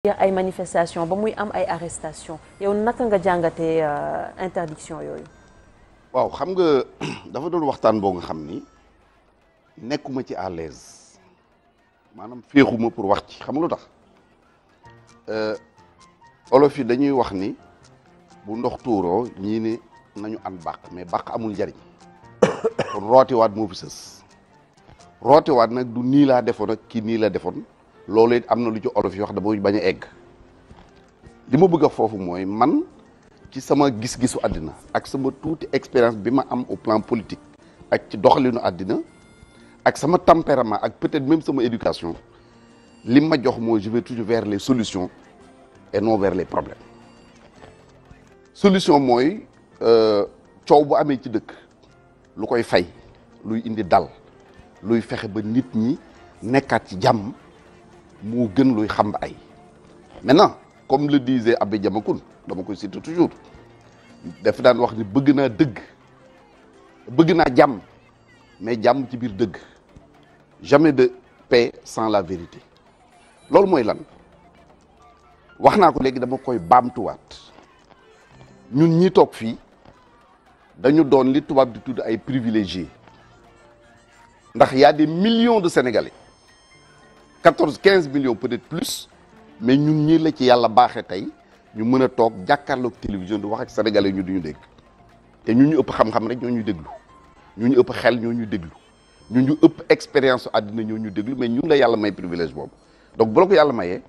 jeex ay manifestation ba muy am ay arrestation yow naka nga jàngate euh, interdiction yooyu waaw xam nga dafa doon waxtaan boo nga xam ni nekkuma ci à l'aise maanaam féexuma pour wax ci xam lu tax euh, olof yi dañuy wax ni bu ndox tuuroo ñii ne nañu an bàq mais bàq amul njariñ kon rootiwaat moo fi sës rootiwaat nag du nii laa defoon ak kii nii la defoon loolu it am na lu ci olof yi wax dama bañ a egg li ma bëgg a foofu mooy man ci sama gis-gisu àddina ak sama tuuti expérience bi ma am au plan politique ak ci doxaliinu àddina ak sama tempérament ak peut-être même sama éducation li ma jox mooy je vais toujours vers les solutions et non vers les problèmes solution mooy euh, coow bu amee ci dëkk lu koy fay luy indi dal luy fexe ba nit ñi nekkaat ci jàmm moo gën luy xam ay maintenant comme le disait Abbé Diamacoune dama koy citer toujours daf daan wax ni bëgg naa dëgg bëgg naa jàmm mais jàmm ci biir dëgg jamais de paix sans la vérité loolu mooy lan wax naa ko léegi dama koy baamtuwaat ñu ñi toog fii dañu doon li tubaab di tudd ay privilégiés ndax yaa a des millions de Sénégalais quatorze quinze millions peut-être plus mais ñun ñii la ci yàlla baaxee tey ñu mën a toog jàkkaarloog télévision di wax ak sénégalais ñu duñu dégg te ñu ñu ëpp xam-xam rek ñoo ñu déglu ñu ñu ëpp xel ñoo ñu déglu ñu ñu ëpp expérience addina ñoo ñu déglu mais ñun la yàlla may privilège boobu donc bu la ko yàlla mayee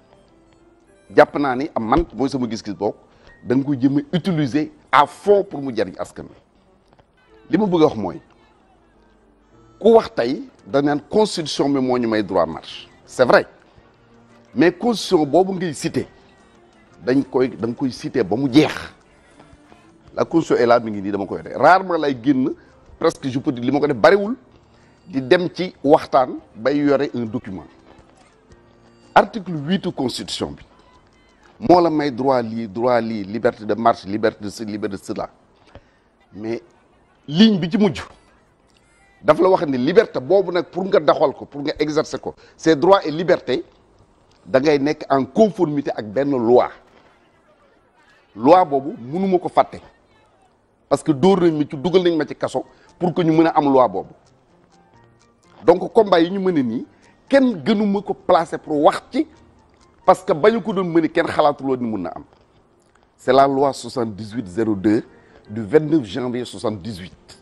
jàpp naa ni am man mooy sama gis-gis boobu da nga koy jëm a utiliser à fond pour mu jariñ askan wi li ma bëgg a wax mooy ku wax tey da naan constitution bi moo ñu may droit marche c'est vrai mais constitution boobu ngay cité dañ koy da koy cité ba mu jeex la constitution est là mi ngi nii dama koy def rarement lay génn presque je peux dire li ma ko def bariwul di dem ci waxtaan bay yore un document article huit constitution bi moo la may droit lii droit lii liberté de marche liberté de ci de cela mais ligne bi ci mujj daf la wax ni liberté boobu nag pour nga doxal ko pour nga exercer ko ces droits et libertés da nekk en conformité ak benn loi loi boobu mënuma ko fàtte parce que dóor nañ ma ci nañ ma ci kaso pour que ñu mën a am loi boobu donc combat yi ñu mën a nii kenn gënuma ko placer pour wax ci parce que bañu ko doon mën kenn xalaatuloo ni mun na am c'est la loi 78 02 du 29 janvier 78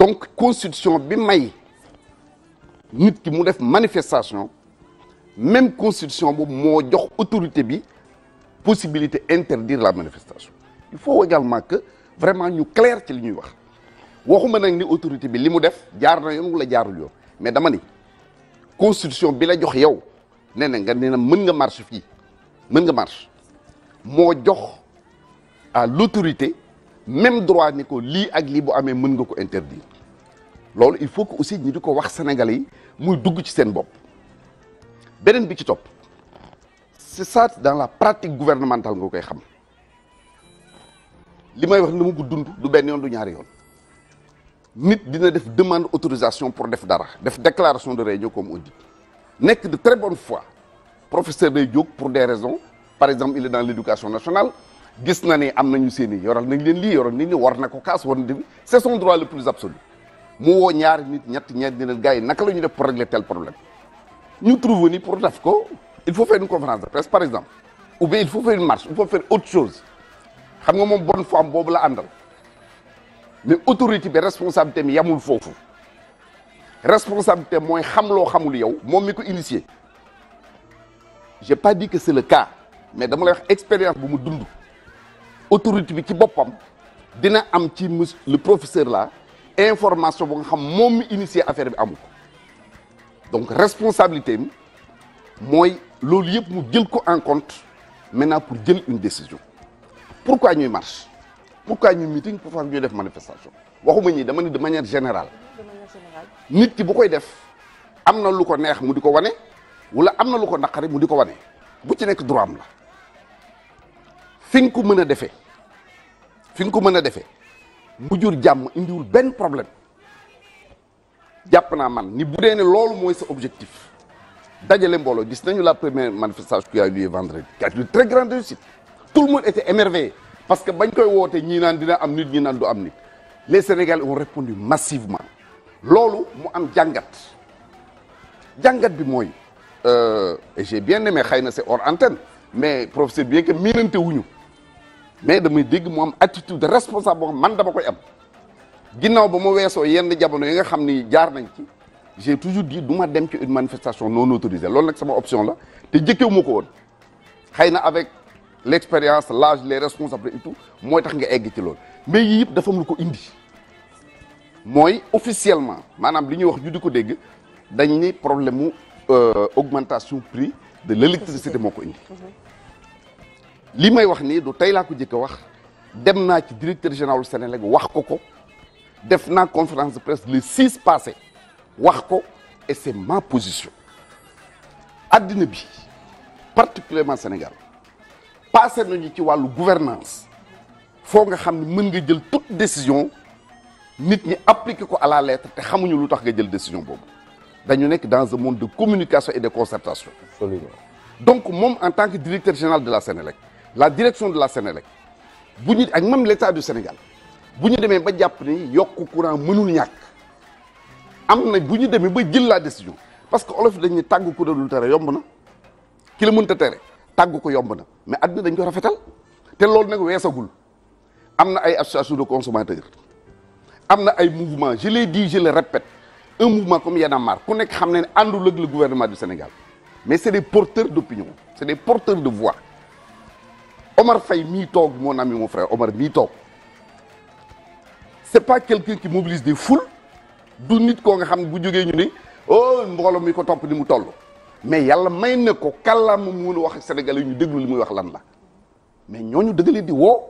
donc constitution bi may nit ki mu def manifestation même constitution boobu moo jox autorité bi possibilité interdire la manifestation il faut également que vraiment ñu clair ci li ñuy wax waxuma nag ni autorité bi li mu def jaar na yoon wala jaarul yoon mais dama ni constitution bi la jox yow nee na nga nee na mën nga marché fii mën nga marché moo jox à l'autorité même droit ni ko lii ak lii bu amee mën nga ko interdire loolu il faut que aussi ñu di ko wax sénégalais yi muy dugg ci seen bopp beneen bi ci topp c'est ça dans la pratique gouvernementale nga koy xam li may wax ni mu ko dund du benn yoon du ñaari yoon nit dina def demande autorisation pour def dara def déclaration de réunion comme on dit nekk de très bonne fois professeur day jóg pour des raisons par exemple il est dans l'éducation nationale gis na ne am nañu seen i yoral nañ leen lii yoroon nit ñu war na ko kaas war na def c'est son droit le plus absolu mu woo ñaari nit ñett ñeent ne leen gars yi naka la ñu def pour régler tel problème ñu trouve ni pour def ko il faut faire une conférence de presse par exemple ou bien il faut faire une marche il faut faire autre chose xam nga moom bonne foi boobu la àndal autorité bi responsabilité mi yamul foofu responsabilité mooy xam loo xamul yow moom mi ko initié j'ai pas dit que c'est le cas mais dama lay wax expérience bu mu dund autorité bi ci boppam dina am ci mus le professeur là information bu nga xam moom mi initier affaire bi amu donc responsabilité mi mooy loolu yëpp mu jël ko en compte maintenant pour jël une décision pourquoi ñuy marche pourquoi ñuy meeting pourquoi ñuy def manifestation waxuma ñi dama ni de manière générale nit ki bu koy def am na lu ko neex mu di ko wane wala am na lu ko naqari mu di ko wane bu ci nekk droit am la fi nga ko mën a defee fi nga ko mën a defee mu jur jàmm indiwul benn problème jàpp naa man ni bu dee ne loolu mooy sa objectif dajale mbooloo gis nañu la première manifestation qui a eu lieu vendredi qui a été une très grande tout le monde était émerveillé parce que bañ koy woote ñii naan dina am nit ñi naan du am nit les Sénégalais ont répondu massivement loolu mu am jàngat jàngat bi mooy euh, et j'ai bien aimé xëy na c'est hors antenne mais professeur bien que miinante wuñu mais damay dégg mu am attitude responsable boo man dama koy am ginnaaw ba mu weesoo yenn jamono yi nga xam ni jaar nañ ci j'ai toujours dit du ma dem ci une manifestation non autorisée loolu nag sama option la te jëkkewu ma ko woon xëy na avec l'expérience lage les responsabilités et mooy tax nga egg ci loolu mais yii yëpp dafa lu ko indi mooy officiellement maanaam li ñuy wax ju di ko dégg dañ ni problème mu euh, augmentation prix de l'électricité moo ko indi mm-hmm. lii may wax nii du tey laa ko jëkk a wax dem naa ci directeur général Senelec wax ko ko def naa conférence de presse le 6 passé wax ko et c'est ma position addina bi particulièrement Sénégal passé ñu ci wàllu gouvernance foo nga xam ne mën nga jël toute décision nit ñi appliquer ko à la lettre te xamuñu lu tax nga jël décision boobu dañu nekk dans un monde de communication et de concertation. Absolument. donc moom en tant que directeur général de la Senelec la direction de la Sénélec bu ñu ak même l'état du Sénégal bu ñu demee ba jàpp ni yokk courant mënul ñàkk am na bu ñu demee ba jël la décision parce que olof dañuy tàggu ku dul tere yomb na ki la mënta tere tàggu ko yomb na mais àddina dañ ko rafetal te loolu nag weesagul am na ay association de consommateurs am na ay mouvement je l'ai dit je le répète un mouvement comme Y'en a ku nekk xam ne ne àndul ak le gouvernement du Sénégal mais c'est des porteurs d'opinion c'est des porteurs de voix Omar fay mii toog moo ami mon frère Omar mii toog c'est pas quelqu'un qui mobilise des foules du nit koo nga xam ne bu jógee ñu ni oh mbooloo mi ko topp ni mu toll mais yàlla may na ko kàllaama mu mun wax ak sénégalais ñu déglu li muy wax lan la mais ñooñu dëgg leen di woo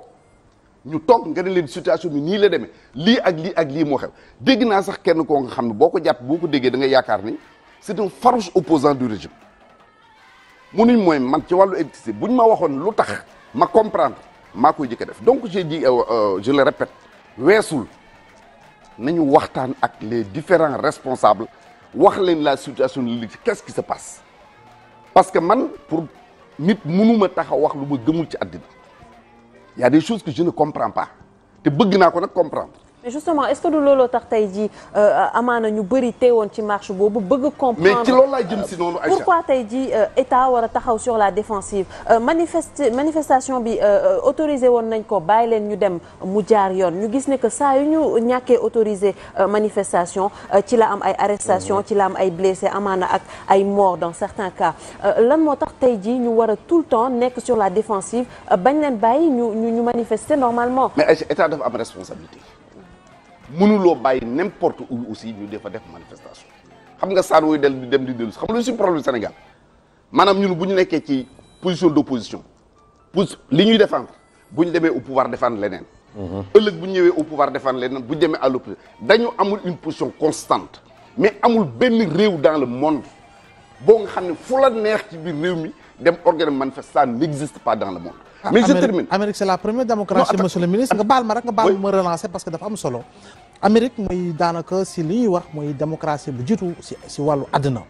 ñu toog nga ne leen situation bi nii la demee lii ak lii ak lii moo xew dégg naa sax kenn koo nga xam ne boo ko jàpp boo ko déggee dangay yaakaar ni c'est un farouche opposant du régime munuñ mooy man ci wàllu électricité buñ ma waxoon lu tax ma comprendre maa koy jëkk def donc j'ai dit euh, euh, je le répète weesul nañu waxtaan ak les différents responsables wax leen la situation li qu'est-ce qui se passe parce que man pour nit mënuma tax a wax lu ma gëmul ci àddina ya des choses que je ne comprends pas te bëgg naa ko nag comprendre mais justement est-ce du looloo tax tey jii euh, amaana ñu bëri woon ci marche boobu bëgg comprendre mais ci loolu pourquoi tey jii euh, état war a taxaw sur la défensive euh, manifeste manifestation bi autoriser woon nañ ko bàyyi leen ñu dem mu jaar yoon ñu gis ne que saa yu ñu ñàkkee autoriser manifestation ci la am ay arrestation ci la am ay blessé amaana ak ay mort dans certains cas lan moo tax tey jii ñu war a tout le temps nekk sur la défensive bañ leen bàyyi ñu ñu manifester normalement mais Aïcha état dafa mënuloo bàyyi n'importe où aussi ñu defa def manifestation xam nga saan wuy del di dem di dellu xam nga lu si problème Sénégal maanaam ñun bu ñu nekkee ci position d'opposition pos li ñuy défendre bu ñu demee au pouvoir défendre leneen mhm. ëllëg bu ñu ñëwee au pouvoir défendre leneen bu ñu demee à l'opposition dañu amul une position constante mais amul benn réew dans le monde boo nga xam ne fu neex ci biir réew mi dem organe manifestant n'existe pas dans le monde ah, solo Amérique mooy daanaka si li ñuy wax mooy démocratie bu jiitu si si wàllu àddina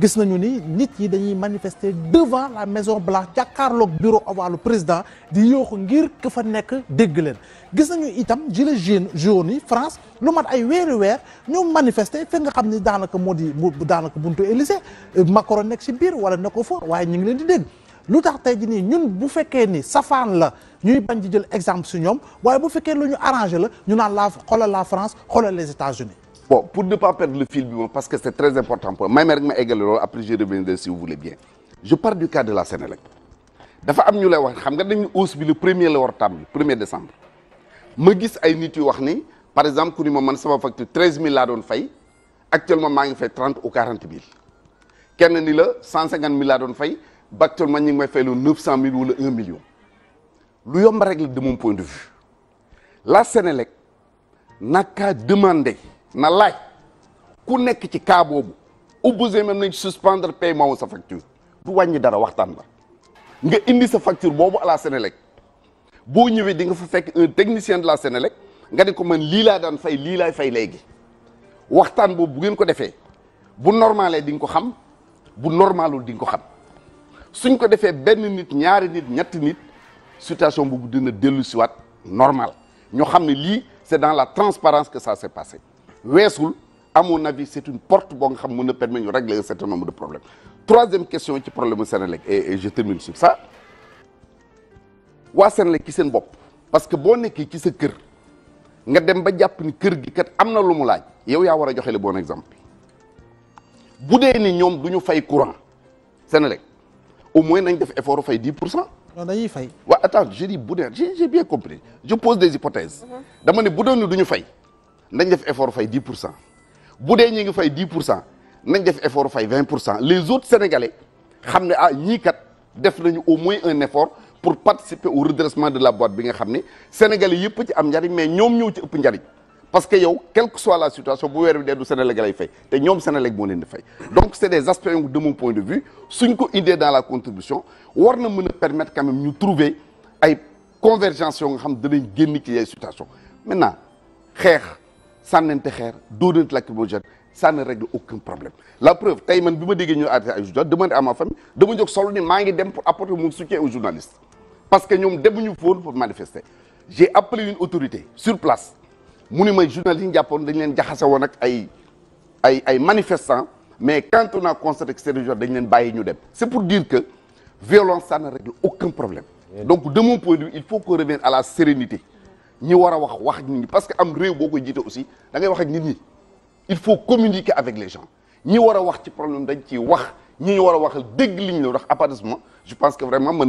gis nañu ni nit yi dañuy manifester devant la Maison Blanche jàkkaarloog bureau ovalu président di yooxu ngir ka fa nekk dégg leen gis nañu itam gilet jaune jaune yi France lu mat ay weeri weer ñu manifester fi nga xam ni daanaka moo di daanaka buntu Élysée Macron nekk si biir wala ne ko fa waaye ñu ngi leen di dégg lu tax tey ji nii ñun bu fekkee ni safaan la ñuy bañ jël exemple si ñoom waaye bu fekkee lu ñu arrangé la ñu naan la xoolal la France xoolal les États-Unis bon pour ne pas perdre le fil bi moom parce que c'est très important pour may ma rek ma eggale loolu après je reviendrai si vous voulez bien je parle du cas de la Sénélec dafa am ñu lay wax xam nga dañu hausse bi le premier la war a tàmbali premier décembre ma gis ay nit yu wax ni par exemple ku ni man sama facture treize mille laa doon fay actuellement maa ngi fay trente ou quarante mille kenn ni la cent cinquante mille laa doon fay ba actuellement ñu ngi may faylu neuf cent mille wala un million lu yomba rek la de point de vue la Sénélec naka demandé na laaj ku nekk ci cas boobu obligé même nañ suspendre paiement wu sa facture du wàññi dara waxtaan la nga indi sa facture boobu à la boo ñëwee di nga fa fekk technicien de la Sénélec nga ne ko man liilaa laa daan fay lii laay fay léegi waxtaan boobu bu ngeen ko defee bu normalee di nga ko xam bu normalul di nga ko xam suñ ko defee benn nit ñaari nit ñett nit situation boobu dina dellu siwaat normal ñoo xam ne lii c'est dans la transparence que ça s'est passé weesul à mon avis c'est une porte boo nga xam mun na permettre ñu régler un certain nombre de problèmes troisième question ci problème Senelec et je termine sur ça waa Senelec ci seen bopp parce que boo nekkee ci sa kër nga dem ba jàpp ni kër gi kat am na lu mu laaj yow yaa war a joxe le bon exemple bu dee ni ñoom du ñu fay courant Senelec au moins nañ def effort fay 10 pour cent. non dañuy fay. waaw attends je dis bu dee j'ai bien compris je pose des hypothèses. Uh-huh. dama ne bu doon ne fay nañ def effort fay 10 pour cent bu dee ñu ngi fay dix pour cent nañ def effort fay 20 pour cent les autres sénégalais xam ne ah ñii kat def nañu au moins un effort pour participer au redressement de la boîte bi nga xam ne sénégalais yëpp ci am njariñ mais ñoom ñëw ci ëpp njariñ. parce que yow quelle que soit la situation bu weer bi dee du Sénélec lay fay te ñoom Sénélec moo leen di fay donc c' est des aspects de mon point de vue suñ ko indee dans la contribution war na mën a permettre quand ñu trouver ay convergence yoo nga xam danañ génn ci ay situation maintenant xeex sànnante xeer dóorante lacrymogène ça ne règle aucun problème la preuve tey man bi ma déggee ñu arrêté ay journalistes demandé a ma famille dama jóg solo maa ngi dem pour apporter mon soutien aux journalistes parce que ñoom demuñu foon pour manifester j'ai appelé autorité sur place mu ni may journaliste yi ñu jàppoon dañ leen jaxase woon ak ay ay ay mais quand on a constaté que c'est dañ leen bàyyi ñu dem c'est pour dire que violence ça ne règle aucun problème donc de mon point de vue il faut qu'on revienne à la sérénité ñi war a wax wax nit ñi parce que am réew boo koy jiite aussi da ngay wax ak nit ñi il faut communiquer avec les gens ñi war a wax ci problème dañ ciy wax ñi ñu war a waxal dégg li la wax à je pense que vraiment